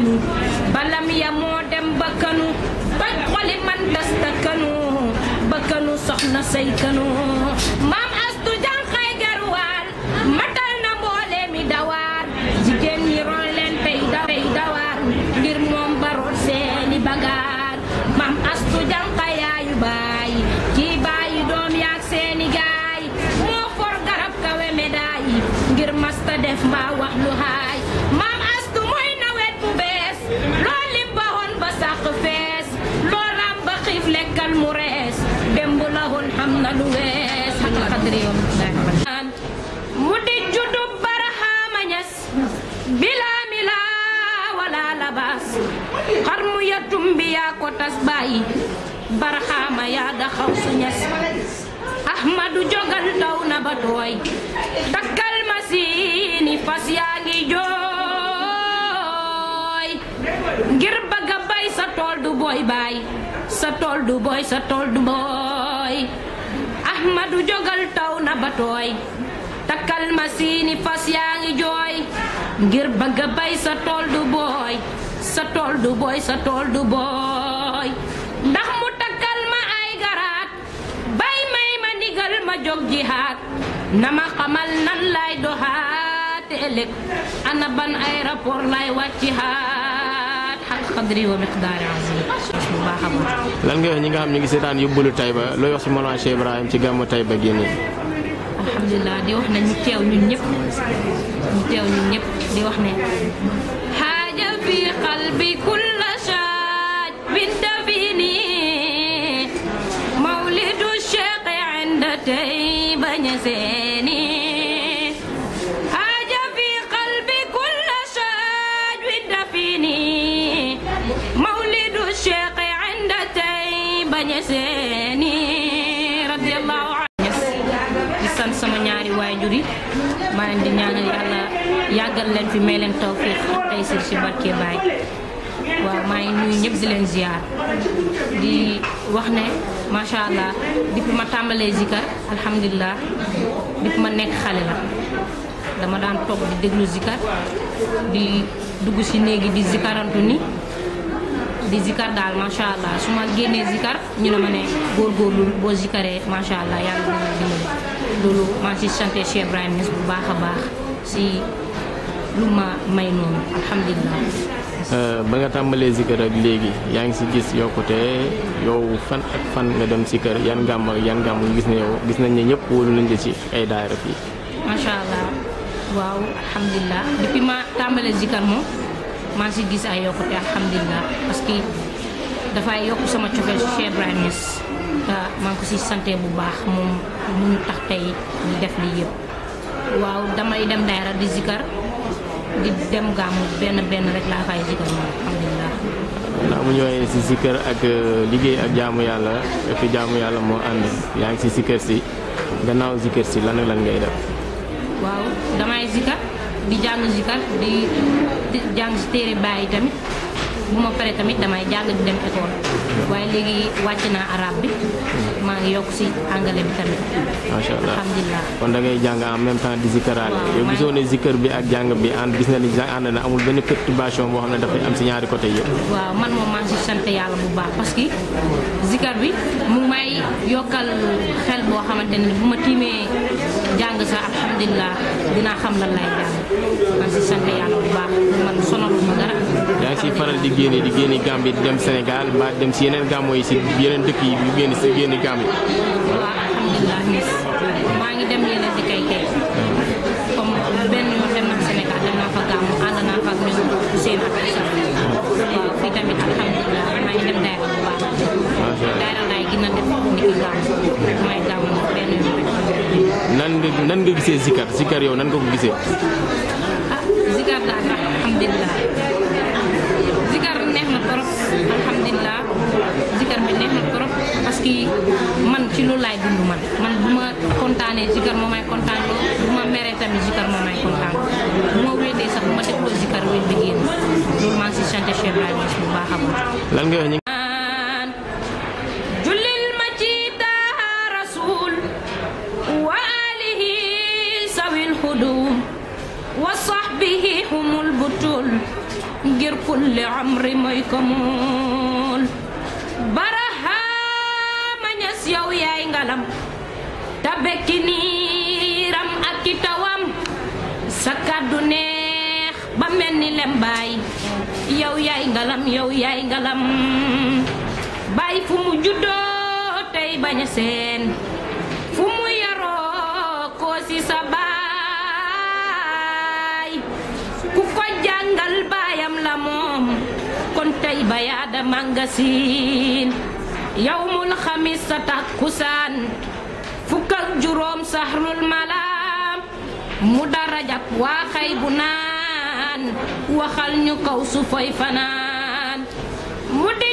kanu balam ya moo dem ba kanu ba xoli ta kanu ba kanu soxna say kanu maam astu jànqay garwaal matal na mboole mi dawaar jigéen ñi ron leen tey tey ngir moom baroot seeni bagaar maam astu jànqa yaayu baay kii baayu doom yaak seeni gaay moo for garab kawe médaille ngir masta def mbaaw yoon mu di juddu Barahama Ñas bilaa milaa walaa labaas xar mu yatum bi yaa ko tas bàyyi Barahama yaa daxaw su Ñas Ahmadu jogal daw na ba tooy takkal masiini fas yaa ngi jooy ngir bëgga bay sa tool du booy baay sa tool du booy ahmadu jogal taw na ba tooy takkal masiini bëgg bay sa tool du booy sa tool du booy sa tool ndax mu takkal ma ay garaat bay may ma ndigal ma jog jihaat na ma xamal nan lay doxaate ëllëg ana ban ay rapport lay wàcci haat xadri lan nga wax ñi nga xam ñu ngi seetaan yóbbalu Taïba looy wax si Ibrahim ci gàmmu Taïba gi nii. di wax ne ñu teew ñu teew di wax ne. xaaja fi qalbi kulla shaaj bin dafini mawlidu Cheikh inda Taïba ñesee seeni radiyallahu anhu di sant sama ñaari waay njuri maa leen di yàlla yàggal leen fi may leen tawfiq ak taysir ci barke waaw maa ngi nuyu ñëpp di leen ziar di wax ne macha allah depuis ma tàmbalee zikar alhamdulilah depuis ma nekk xale la dama daan toog di déglu zikar di dugg ci néegi di zikarantu ni di zikar daal macha allah su ma génnee zikar ñu ne ma ne góorgóorlu boo zikaree macha allah yàlla maa ngi si sant Cheikh Ibrahima ma may euh, ba nga tàmbalee si kër léegi yaa ngi si gis yow fan ak fan dem si kër yan gàmm ak yan gàmm gis na gis nañ ne ñëpp wóolu nañ la ci ay daayira fii. macha allah waaw alhamdulilah depuis ma tàmbalee si moom. maa ngi si gis ay yokkute alhamdulilah parce que dafay yokk sama cofeel si Cheikh Ibrahima Niass ah, maa ngi ko si santé bu baax moom mu tax tey ñu def lii yëpp waaw damay dem daayra di zikar di dem gàmmu benn benn rek laa fay zikar moom alhamdulilah ndax mu ñëwee si sikkër ak eh, liggéey ak jaamu yàlla fi jaamu yàlla moo ànd yaa ngi si sikkër si gannaaw sikkër si lan ak lan ngay def waaw damay zikar di jàng zikar di jàng si téere bàyyi tamit bu ma paree tamit damay jàng di dem école waaye léegi wàcc naa arabe bi maa ngi yokk si anglais bi tamit. macha allah alhamdulilah kon ak jàng bi ànd gis amul benn perturbation boo xam ne dafay am si ñaari côté yëpp. waaw man moom maa ngi si yàlla bu baax parce que bi mu may yokkal xel boo xamante ne bu ma tiimee jàng sa alhamdulilah dinaa xam lan lay jàng maa ngi si di faral di génne di génne Gambie di dem Sénégal mbaa dem si yeneen gàmmo yi si yeneen dëkk yi di génne si génne Gambie. waaw alhamdulilah maa ngi dem yeneen dëkk yi comme benn yoon Sénégal dem fa gàmmu ànd naa fa ak ñoom seen ak sa waaw fii tamit alhamdulilah maa ngi dem daayra bu baax. macha rek may gàmmu benn yoon rek. nga nan nga gisee Zikar Zikar yow nan ko gisee. parce que man ci loolu laay dund man man bu ma kontaanee zikar moo may kontaan lool bu ma meree tamit zikar moo may kontaan bu ma wéetee sax bu ma defloo zikar wéet bi génn loolu maa ngi si sant Cheikh Ibrahima bu baax a baax وصحبه هم البطول غير كل عمري ما يكمل des yow yaay ngalam ta bekki niiram ak ki tawam sa kàddu neex ba mel ni lembaay yow yaay ngalam yow yaay ngalam bàyyi fu mu juddoo tey bañ a fu mu yaroo koo sa baay ku ko jàngal baayam la moom kon tey ba yaa da yawmul xamis sa takkusaan fukk ak juróom saxrul malaam mu darajab waa xay bu naan waxal ñu kaw su foy fanaan mu di